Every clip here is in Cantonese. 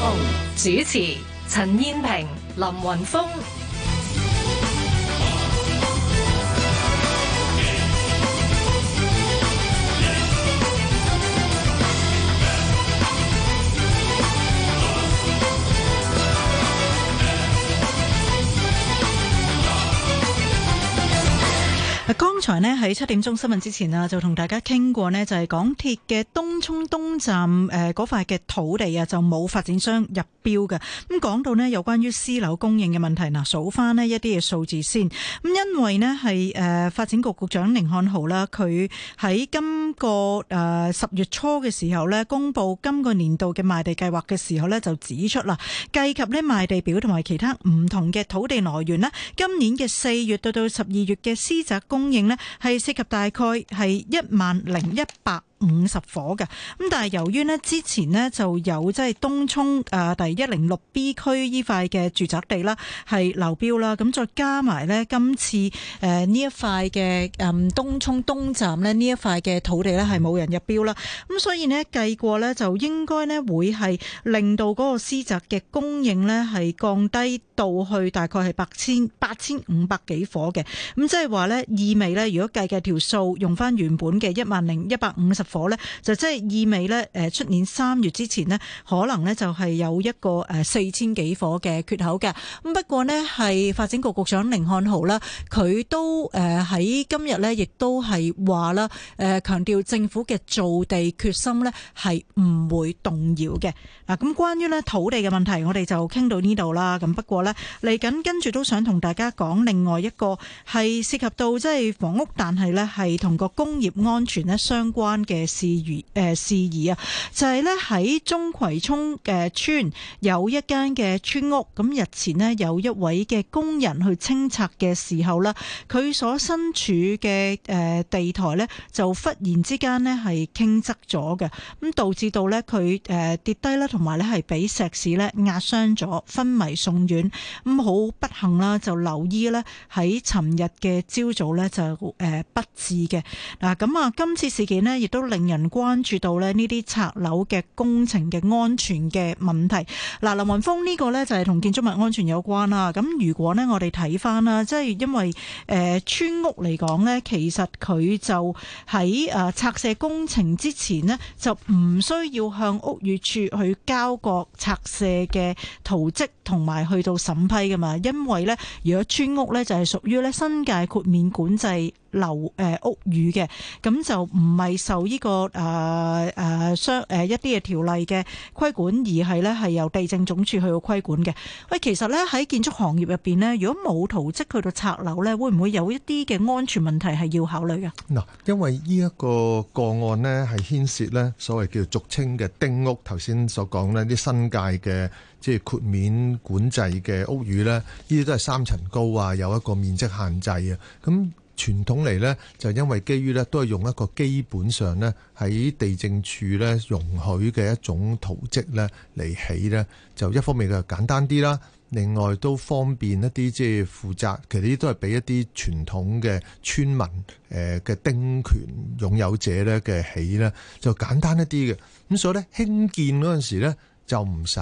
Oh, 主持：陳燕萍、林雲峰。才呢，喺七點鐘新聞之前啊，就同大家傾過呢，就係港鐵嘅東涌東站誒嗰塊嘅土地啊，就冇發展商入標嘅。咁講到呢有關於私樓供應嘅問題嗱，數翻呢一啲嘅數字先。咁因為呢係誒發展局局長寧漢豪啦，佢喺今個誒十月初嘅時候咧，公布今個年度嘅賣地計劃嘅時候咧，就指出啦，計及呢賣地表同埋其他唔同嘅土地來源啦，今年嘅四月到到十二月嘅私宅供應呢。係涉及大概係一萬零一百。五十伙嘅，咁但係由於咧之前咧就有即係東涌誒第一零六 B 區依塊嘅住宅地啦，係流標啦，咁再加埋咧今次誒呢一塊嘅誒東涌東站咧呢一塊嘅土地咧係冇人入標啦，咁所以咧計過咧就應該咧會係令到嗰個私宅嘅供應咧係降低到去大概係八千八千五百幾伙嘅，咁即係話咧意味咧如果計嘅條數用翻原本嘅一萬零一百五十。火呢，就即係意味呢，誒出年三月之前呢，可能呢就係有一個誒四千幾火嘅缺口嘅。咁不過呢，係發展局局長寧漢豪啦，佢都誒喺、呃、今日呢，亦都係話啦，誒、呃、強調政府嘅造地決心呢，係唔會動搖嘅。嗱、啊，咁關於呢土地嘅問題，我哋就傾到呢度啦。咁不過呢，嚟緊跟住都想同大家講另外一個係涉及到即係房屋，但係呢，係同個工業安全呢相關嘅。事如誒事宜啊、呃，就係咧喺中葵涌嘅村，有一間嘅村屋，咁日前咧有一位嘅工人去清拆嘅時候啦，佢所身處嘅誒地台咧，就忽然之間咧係傾側咗嘅，咁導致到咧佢誒跌低啦，同埋咧係俾石屎咧壓傷咗，昏迷送院，咁好不幸啦，就留醫咧喺尋日嘅朝早咧就誒不治嘅嗱，咁啊今次事件咧亦都。令人關注到咧呢啲拆樓嘅工程嘅安全嘅問題。嗱，林雲峰呢個呢，就係同建築物安全有關啦。咁如果呢，我哋睇返啦，即係因為誒村屋嚟講呢，其實佢就喺誒拆卸工程之前呢，就唔需要向屋宇署去交割拆卸嘅圖則同埋去到審批㗎嘛。因為呢，如果村屋呢，就係屬於咧新界豁免管制，樓，誒，屋宇嘅，咁就唔係受呢個誒誒商誒一啲嘅條例嘅規管，而係咧係由地政總署去到規管嘅。喂，其實咧喺建築行業入邊呢，如果冇圖則去到拆樓咧，會唔會有一啲嘅安全問題係要考慮㗎？嗱，因為呢一個個案呢係牽涉呢所謂叫俗稱嘅丁屋，頭先所講呢啲新界嘅即係豁免管制嘅屋宇呢，呢啲都係三層高啊，有一個面積限制啊，咁。傳統嚟咧，就因為基於咧，都係用一個基本上咧喺地政署咧容許嘅一種圖則咧嚟起咧，就一方面佢簡單啲啦，另外都方便一啲，即係負責，其實呢啲都係俾一啲傳統嘅村民誒嘅丁權擁有者咧嘅起咧，就簡單一啲嘅。咁所以咧興建嗰陣時咧，就唔使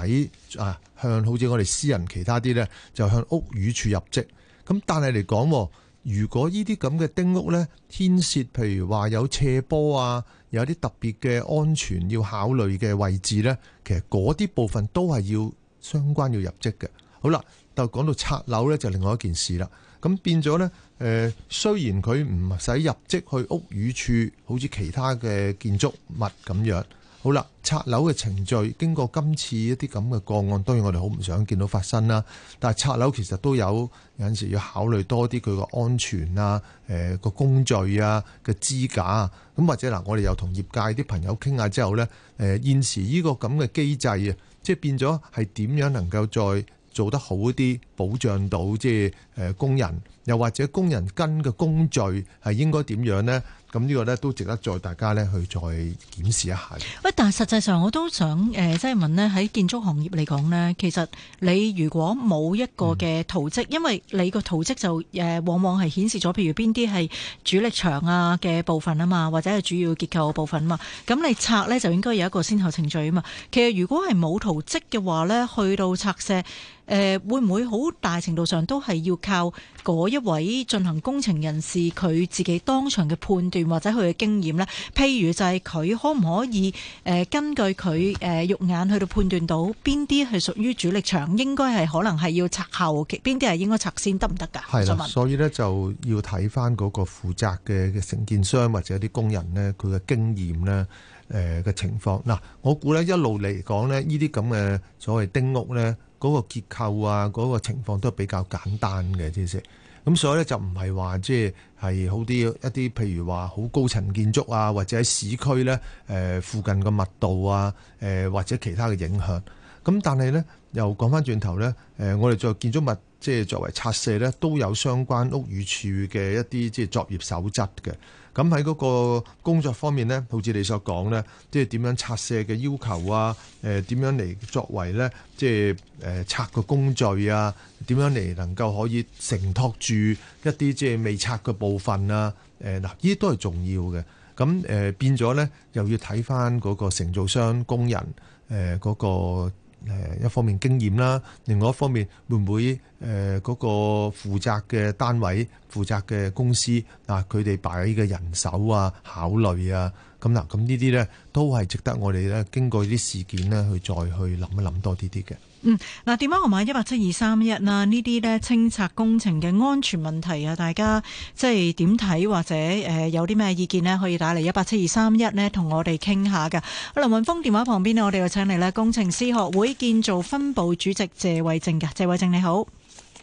啊向好似我哋私人其他啲咧，就向屋宇署入則。咁但係嚟講喎。如果呢啲咁嘅丁屋呢，牽涉譬如話有斜坡啊，有啲特別嘅安全要考慮嘅位置呢，其實嗰啲部分都係要相關要入職嘅。好啦，就講到拆樓呢，就另外一件事啦。咁變咗呢，誒、呃、雖然佢唔使入職去屋宇署，好似其他嘅建築物咁樣。好啦，拆樓嘅程序經過今次一啲咁嘅個案，當然我哋好唔想見到發生啦。但係拆樓其實都有有陣時要考慮多啲佢嘅安全啊、誒、呃、個工序啊、嘅支架啊。咁或者嗱、呃，我哋又同業界啲朋友傾下之後咧，誒、呃、現時呢個咁嘅機制啊，即係變咗係點樣能夠再做得好一啲，保障到即係誒工人，又或者工人跟嘅工序係應該點樣咧？咁呢個呢都值得再大家呢去再檢視一下。喂，但係實際上我都想誒，即、呃、係問呢，喺建築行業嚟講呢，其實你如果冇一個嘅圖則，嗯、因為你個圖則就誒，往往係顯示咗譬如邊啲係主力牆啊嘅部分啊嘛，或者係主要結構嘅部分啊嘛，咁你拆呢，就應該有一個先後程序啊嘛。其實如果係冇圖則嘅話呢，去到拆卸。誒會唔會好大程度上都係要靠嗰一位進行工程人士佢自己當場嘅判斷，或者佢嘅經驗呢？譬如就係佢可唔可以誒根據佢誒肉眼去到判斷到邊啲係屬於主力牆，應該係可能係要拆後，邊啲係應該拆先行行的，得唔得㗎？係啦，所以呢，就要睇翻嗰個負責嘅承建商或者啲工人呢，佢嘅經驗呢，誒、呃、嘅情況嗱、啊。我估呢，一路嚟講呢，呢啲咁嘅所謂嘅丁屋呢。嗰個結構啊，嗰、嗰個情況都係比較簡單嘅，即係咁，所以咧，就唔係話即係係好啲一啲，譬如話好高層建築啊，或者喺市區咧誒、呃、附近嘅密度啊誒、呃、或者其他嘅影響，咁但係咧，又講翻轉頭咧誒我哋做建築物。即係作為拆卸咧，都有相關屋宇署嘅一啲即係作業守則嘅。咁喺嗰個工作方面咧，好似你所講咧，即係點樣拆卸嘅要求啊？誒、呃、點樣嚟作為咧？即係誒、呃、拆個工序啊？點樣嚟能夠可以承托住一啲即係未拆嘅部分啊？誒、呃、嗱，呢啲都係重要嘅。咁誒、呃、變咗咧，又要睇返嗰個承造商工人誒嗰、呃嗰個。誒一方面經驗啦，另外一方面會唔會誒嗰個負責嘅單位、負責嘅公司啊，佢哋擺嘅人手啊、考慮啊，咁嗱，咁呢啲咧都係值得我哋咧經過啲事件咧去再去諗一諗多啲啲嘅。嗯，嗱，電話號碼一八七二三一啦，呢啲呢，清拆工程嘅安全問題啊，大家即係點睇，或者誒有啲咩意見呢，可以打嚟一八七二三一呢，同我哋傾下噶林雲峰電話旁邊呢，我哋又請嚟咧工程師學會建造分部主席謝偉正噶謝偉正你好。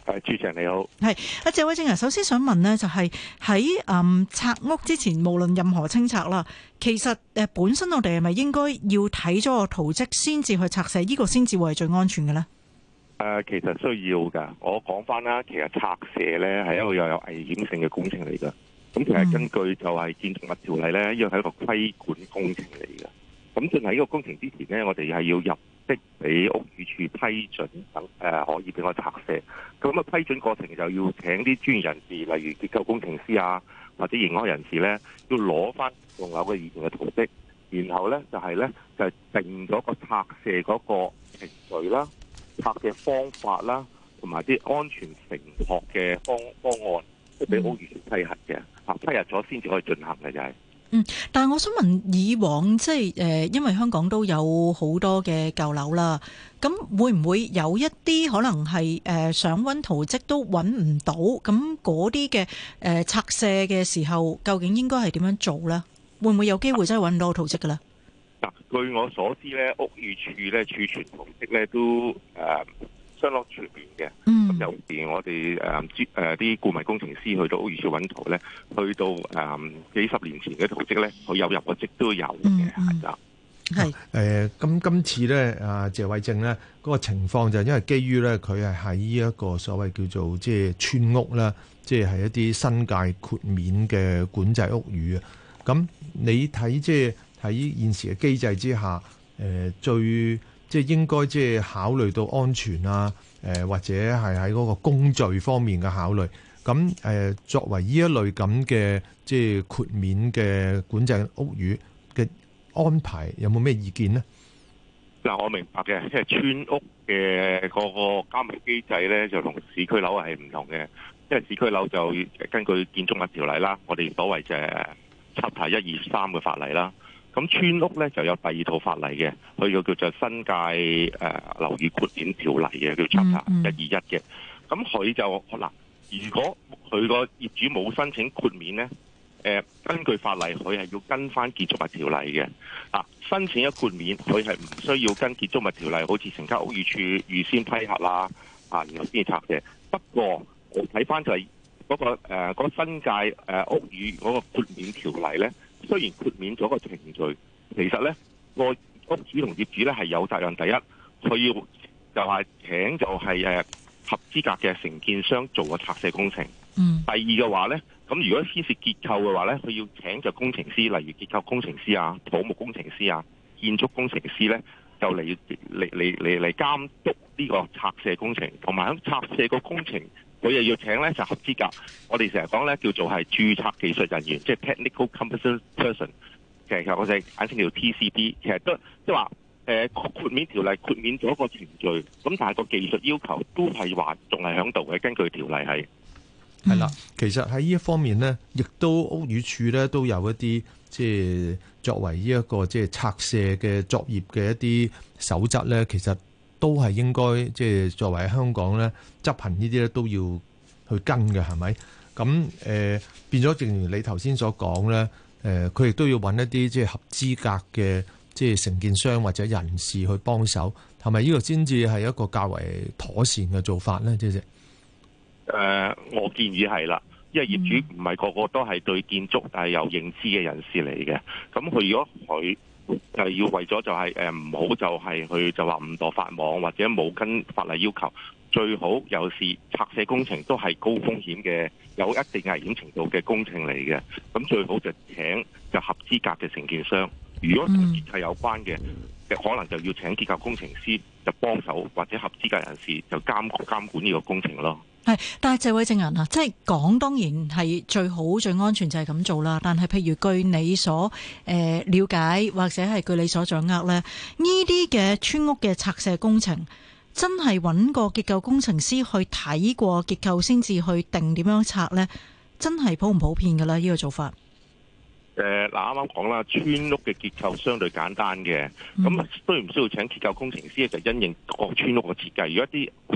係，主持人，你好。係啊，謝偉正啊，首先想問咧，就係喺誒拆屋之前，無論任何清拆啦，其實誒本身我哋係咪應該要睇咗個圖則，先至去拆卸？呢、呢個先至會係最安全嘅咧？誒、呃，其實需要噶。我講返啦，其實拆卸咧係一個又有危險性嘅工程嚟噶。咁其實根據就係建築物條例咧，呢個係一個規管工程嚟噶。咁進行呢個工程之前呢，我哋係要入則俾屋宇署批准，等、呃、誒可以俾我拆卸。咁啊，批准過程就要請啲專業人士，例如結構工程師啊，或者建築人士呢，要攞翻棟樓嘅以前嘅圖則，然後呢，就係、是、呢，就定咗個拆卸嗰個程序啦、拆嘅方法啦，同埋啲安全承托嘅方方案，俾屋宇署批核嘅，批核咗先至可以進行嘅就係、是。嗯，但係我想問，以往即係誒，因為香港都有好多嘅舊樓啦，咁會唔會有一啲可能係誒想揾圖則都揾唔到，咁嗰啲嘅誒拆卸嘅時候，究竟應該係點樣做咧？會唔會有機會真係揾到圖則噶咧？嗱，據我所知咧，屋宇署咧儲存圖則咧都誒。相當全面嘅？有時我哋誒啲顧問工程師去到屋宇署揾圖咧，去到幾十年前嘅圖則咧，佢有入個則都有嘅，係、嗯、啦。係誒，咁今、嗯、次咧啊，謝偉正咧嗰個情況就係因為基於咧佢係喺一個所謂叫做即係村屋啦，即係係一啲新界豁免嘅管制屋宇啊。咁你睇即係喺現時嘅機制之下，誒最。即係應該即係考慮到安全啊，誒或者係喺嗰個工序方面嘅考慮。咁誒作為呢一類咁嘅即係豁免嘅管制屋宇嘅安排，有冇咩意見呢？嗱，我明白嘅，即係村屋嘅嗰個監察機制咧，就同市區樓係唔同嘅。因為市區樓就根據建築物條例啦，我哋所謂就係七、提、一二三嘅法例啦。咁村屋咧就有第二套法例嘅，佢就叫做新界誒樓宇豁免條例嘅，叫七三一二一嘅。咁佢、mm hmm. 就好啦，如果佢個業主冇申請豁免咧，誒、呃，根據法例，佢係要跟翻建築物條例嘅。啊，申請咗豁免，佢係唔需要跟建築物條例，好似成間屋宇處預先批核啦，啊，然後先拆嘅。不過我睇翻就嗰、那個誒嗰、呃、新界誒屋宇嗰個豁免條例咧。雖然豁免咗個程序，其實呢個屋主同業主呢係有責任。第一，佢要就係請就係誒合資格嘅承建商做個拆卸工程。嗯。第二嘅話呢，咁如果牽涉結構嘅話呢，佢要請就工程師，例如結構工程師啊、土木工程師啊、建築工程師呢，就嚟要嚟嚟嚟監督呢個拆卸工程，同埋喺拆卸個工程。佢又要請咧就合資格，我哋成日講咧叫做係註冊技術人員，即係 technical competent person，其實我哋簡稱叫 TCB，其實都即係話誒豁免條例豁免咗個程序，咁但係個技術要求都係話仲係喺度嘅，根據條例係係啦。其實喺呢一方面咧，亦都屋宇署咧都有一啲即係作為呢一個即係拆卸嘅作業嘅一啲守則咧，其實。都係應該即係、就是、作為香港咧執行呢啲咧都要去跟嘅係咪？咁誒、呃、變咗正如你頭先所講咧，誒佢亦都要揾一啲即係合資格嘅即係承建商或者人士去幫手，係咪呢個先至係一個較為妥善嘅做法咧？即係誒，我建議係啦，因為業主唔係個個都係對建築係有認知嘅人士嚟嘅，咁佢如果佢。就係要為咗就係誒唔好就係去就話誤墮法網或者冇跟法例要求，最好尤其係拆卸工程都係高風險嘅，有一定危險程度嘅工程嚟嘅。咁最好就請就合資格嘅承建商。如果同結構有關嘅，嘅可能就要請結構工程師就幫手，或者合資格人士就監監管呢個工程咯。係，但係謝位正謝偉正人啊，即係講當然係最好最安全就係咁做啦。但係譬如據你所誒、呃、了解或者係據你所掌握呢，呢啲嘅村屋嘅拆卸工程，真係揾個結構工程師去睇過結構先至去定點樣拆呢？真係普唔普遍噶咧？呢、這個做法？誒、呃，嗱，啱啱講啦，村屋嘅結構相對簡單嘅，咁需唔需要請結構工程師就因應各村屋嘅設計。如果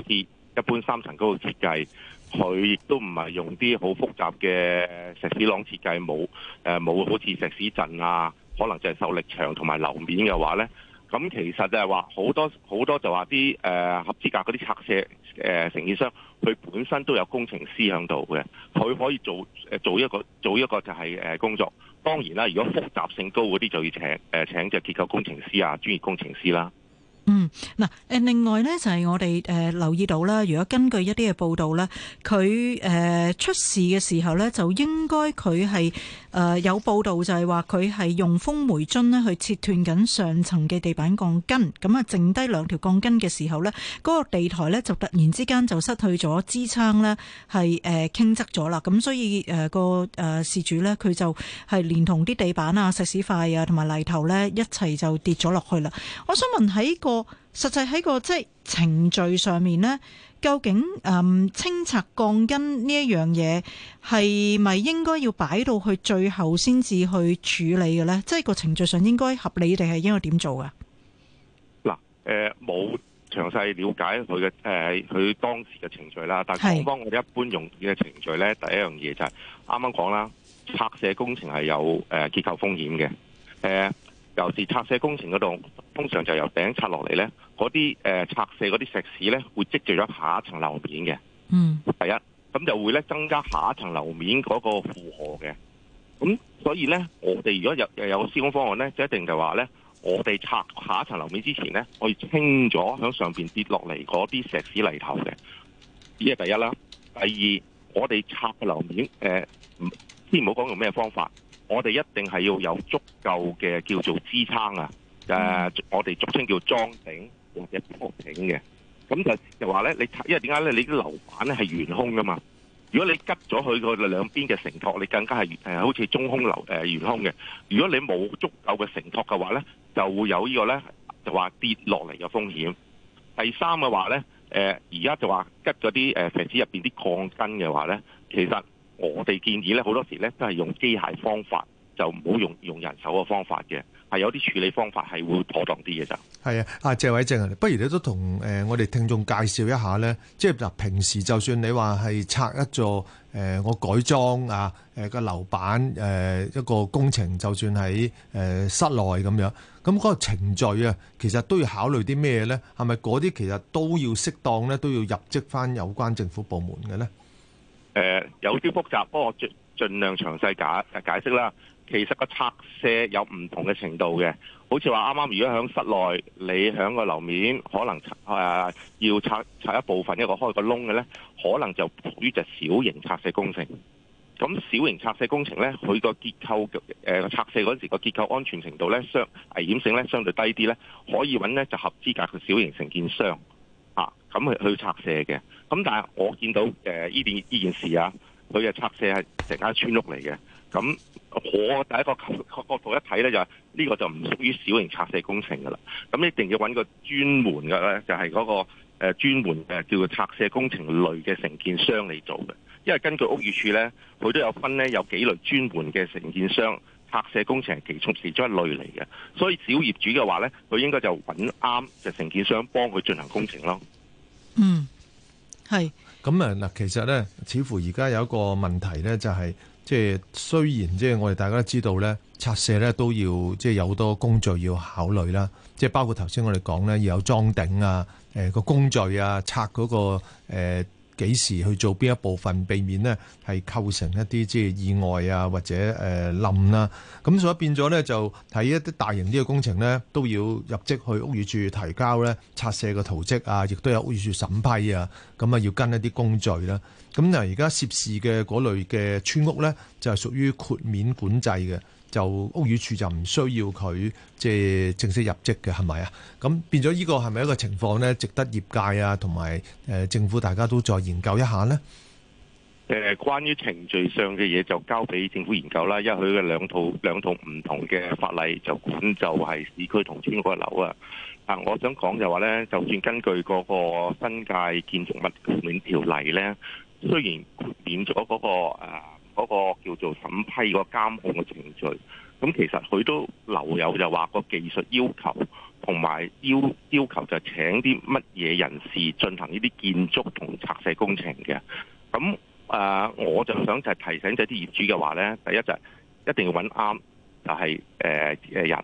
啲，一般三層高嘅設計，佢亦都唔係用啲好複雜嘅石屎朗設計，冇誒冇好似石屎陣啊，可能就係受力牆同埋樓面嘅話咧，咁、mm、其實就係話好多好多就話啲誒合資格嗰啲拆卸誒承建商，佢、嗯呃、本身都有工程師響度嘅，佢可以做誒做一個做一個就係誒工作。當然啦、啊，如果複雜性高嗰啲就要請誒請就結構工程師啊、專業工程師啦、啊。嗯，嗱，誒，另外呢，就係我哋誒留意到啦，如果根據一啲嘅報道呢，佢誒出事嘅時候呢，就應該佢係。誒、呃、有報道就係話佢係用風煤樽咧去切斷緊上層嘅地板鋼筋，咁啊剩低兩條鋼筋嘅時候呢嗰、那個地台呢就突然之間就失去咗支撐呢係誒、呃、傾側咗啦。咁所以誒個誒事主呢，佢就係連同啲地板啊、石屎塊啊同埋泥頭呢一齊就跌咗落去啦。我想問喺個實際喺個即係程序上面呢。究竟誒、嗯、清拆鋼筋呢一樣嘢係咪應該要擺到去最後先至去處理嘅咧？即、就、係、是、個程序上應該合理定係應該點做啊？嗱、呃，誒冇詳細了解佢嘅誒佢當時嘅程序啦。但係警方我哋一般用嘅程序咧，是第一樣嘢就係啱啱講啦，拆卸工程係有誒、呃、結構風險嘅，誒、呃。又是拆卸工程嗰度，通常就由頂拆落嚟呢，嗰啲誒拆卸嗰啲石屎呢，會積聚咗下一層樓面嘅。嗯，第一，咁就會呢增加下一層樓面嗰個負荷嘅。咁所以呢，我哋如果又有，有施工方案呢，就一定就話呢，我哋拆下一層樓面之前呢，我要清咗喺上邊跌落嚟嗰啲石屎泥頭嘅，呢係第一啦。第二，我哋拆嘅樓面誒，唔、呃、先唔好講用咩方法。我哋一定係要有足夠嘅叫做支撐啊！誒，我哋俗稱叫裝頂或者鋪頂嘅。咁就就話咧，你因為點解咧？你啲樓板咧係懸空噶嘛？如果你拮咗佢個兩邊嘅承托，你更加係、呃、好似中空樓誒懸空嘅。如果你冇足夠嘅承托嘅話咧，就會有個呢個咧就話跌落嚟嘅風險。第三嘅話咧，誒而家就、呃、話拮咗啲誒石屎入面啲抗筋嘅話咧，其實。我哋建議咧，好多時咧都係用機械方法，就唔好用用人手嘅方法嘅。係有啲處理方法係會妥當啲嘅就係啊。謝偉正，不如你都同誒、呃、我哋聽眾介紹一下咧。即係嗱，平時就算你話係拆一座誒、呃，我改裝啊誒個樓板誒、呃、一個工程，就算喺誒、呃、室內咁樣，咁嗰個程序啊，其實都要考慮啲咩咧？係咪嗰啲其實都要適當咧，都要入職翻有關政府部門嘅咧？誒、呃、有啲複雜，不過盡盡量詳細解解釋啦。其實個拆卸有唔同嘅程度嘅，好似話啱啱如果喺室內，你喺個樓面可能誒、呃、要拆拆一部分，一個開一個窿嘅咧，可能就屬於隻小型拆卸工程。咁小型拆卸工程咧，佢個結構誒、呃、拆卸嗰陣時個結構安全程度咧相危險性咧相對低啲咧，可以揾咧就合資格嘅小型承建商嚇，咁、啊、去去拆卸嘅。咁但係我見到呢件呢件事啊，佢嘅拆卸係成間村屋嚟嘅。咁我第一個角度一睇咧，就係呢個就唔屬於小型拆卸工程噶啦。咁一定要揾個專門嘅咧，就係嗰個專門嘅叫做拆卸工程類嘅承建商嚟做嘅。因為根據屋宇署咧，佢都有分咧有幾類專門嘅承建商，拆卸工程係其中其中一類嚟嘅。所以小業主嘅話咧，佢應該就揾啱就承建商幫佢進行工程咯。嗯。係，咁啊嗱，其實咧，似乎而家有一個問題咧，就係即係雖然即係我哋大家都知道咧，拆卸咧都要即係有好多工序要考慮啦，即係包括頭先我哋講咧要有裝頂啊，誒個工序啊，拆嗰個誒幾時去做邊一部分，避免呢係構成一啲即係意外啊，或者誒冧啦。咁、呃、所以變咗咧，就睇一啲大型啲嘅工程咧，都要入職去屋宇署提交咧拆卸嘅圖則啊，亦都有屋宇署審批啊。咁啊，要跟一啲工序啦。咁嗱，而家涉事嘅嗰類嘅村屋咧，就係屬於豁免管制嘅。就屋宇署就唔需要佢即係正式入職嘅，係咪啊？咁變咗呢個係咪一個情況咧？值得業界啊同埋誒政府大家都再研究一下咧。誒，關於程序上嘅嘢，就交俾政府研究啦。因為佢嘅兩套兩套唔同嘅法例就管就係市區同村嗰個樓啊。但係我想講就話咧，就算根據嗰個新界建築物豁免條例咧，雖然豁免咗嗰個誒。嗰個叫做審批個監控嘅程序，咁其實佢都留有就話個技術要求，同埋要要求就請啲乜嘢人士進行呢啲建築同拆卸工程嘅。咁誒、呃，我就想就提醒咗啲業主嘅話咧，第一就一定要揾啱就係、是、誒、呃、人，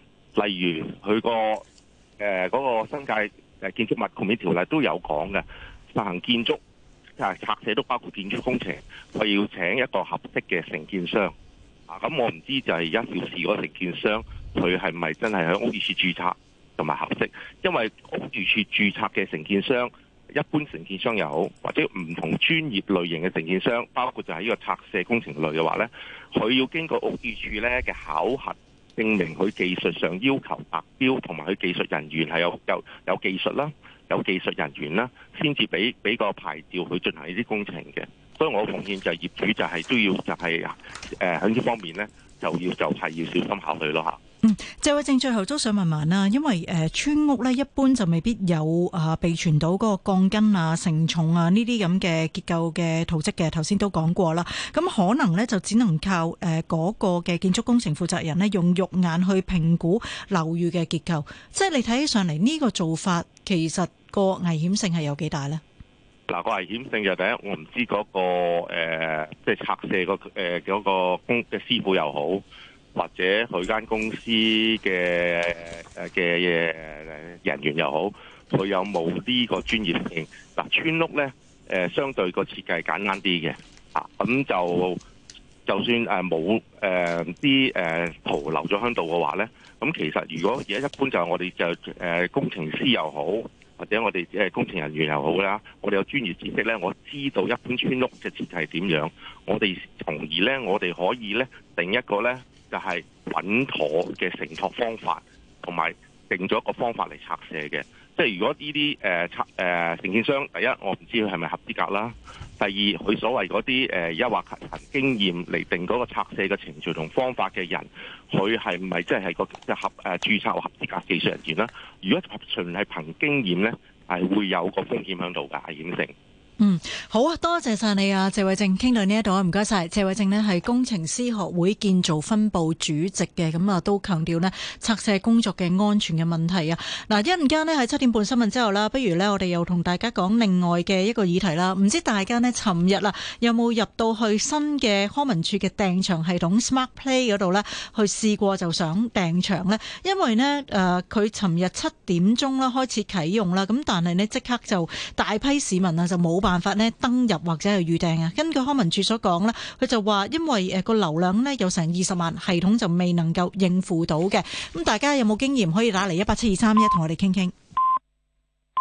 例如佢個誒嗰個新界建築物管理條例都有講嘅，實行建築。但係拆卸都包括建築工程，佢要請一個合適嘅承建商。啊，咁、啊、我唔知道就係一家小市嗰承建商，佢係咪真係喺屋宇署註冊同埋合適？因為屋宇、e、署註冊嘅承建商，一般承建商又好，或者唔同專業類型嘅承建商，包括就係呢個拆卸工程類嘅話呢，佢要經過屋宇、e、署呢嘅考核，證明佢技術上要求達標，同埋佢技術人員係有有有技術啦。有技術人員啦，先至俾俾個牌照去進行呢啲工程嘅。所以我奉勸就係業主就係、是、都要就係誒喺呢方面呢，就要就係要小心考慮咯吓，嗯，謝偉正最後都想問問啦，因為誒、呃、村屋呢，一般就未必有啊備存到嗰個鋼筋啊、承重啊呢啲咁嘅結構嘅圖則嘅。頭先都講過啦，咁可能呢，就只能靠誒嗰、呃那個嘅建築工程負責人呢，用肉眼去評估樓宇嘅結構。即係你睇起上嚟呢、這個做法其實。個危險性係有幾大咧？嗱，個危險性就第一，我唔知嗰、那個誒，即係拆卸個誒嗰個工嘅師傅又好，或者佢間公司嘅嘅嘢人員又好，佢有冇呢個專業性？嗱、呃，村屋咧，誒、呃、相對個設計簡單啲嘅啊，咁就就算誒冇誒啲誒圖留咗喺度嘅話咧，咁其實如果而家一般就係我哋就誒、呃、工程師又好。或者我哋即係工程人員又好啦，我哋有專業知識呢。我知道一般村屋嘅設計係點樣，我哋從而呢，我哋可以呢定一個呢，就係穩妥嘅承托方法，同埋定咗一個方法嚟拆卸嘅。即係如果呢啲誒拆誒承建商，第一我唔知佢係咪合資格啦，第二佢所謂嗰啲誒優化憑經驗嚟定嗰個拆卸嘅程序同方法嘅人，佢係咪即係個合誒、啊、註冊合資格技術人員啦？如果純係憑經驗咧，係會有個風險喺度㗎，危險性。嗯，好啊，多謝晒你啊，謝偉正，傾到呢一度啊，唔該晒。謝偉正呢係工程師學會建造分部主席嘅，咁啊都強調呢拆卸工作嘅安全嘅問題啊。嗱，一陣間呢，喺七點半新聞之後啦，不如呢，我哋又同大家講另外嘅一個議題啦。唔知大家呢尋日啦有冇入到去新嘅康文署嘅訂場系統 SmartPlay 嗰度呢？去試過就想訂場呢，因為呢，誒，佢尋日七點鐘啦開始啟用啦，咁但係呢，即刻就大批市民啊就冇。辦法咧登入或者係預訂啊？根據康文署所講，呢佢就話因為誒個流量咧有成二十萬，系統就未能夠應付到嘅。咁大家有冇經驗可以打嚟一八七二三一同我哋傾傾。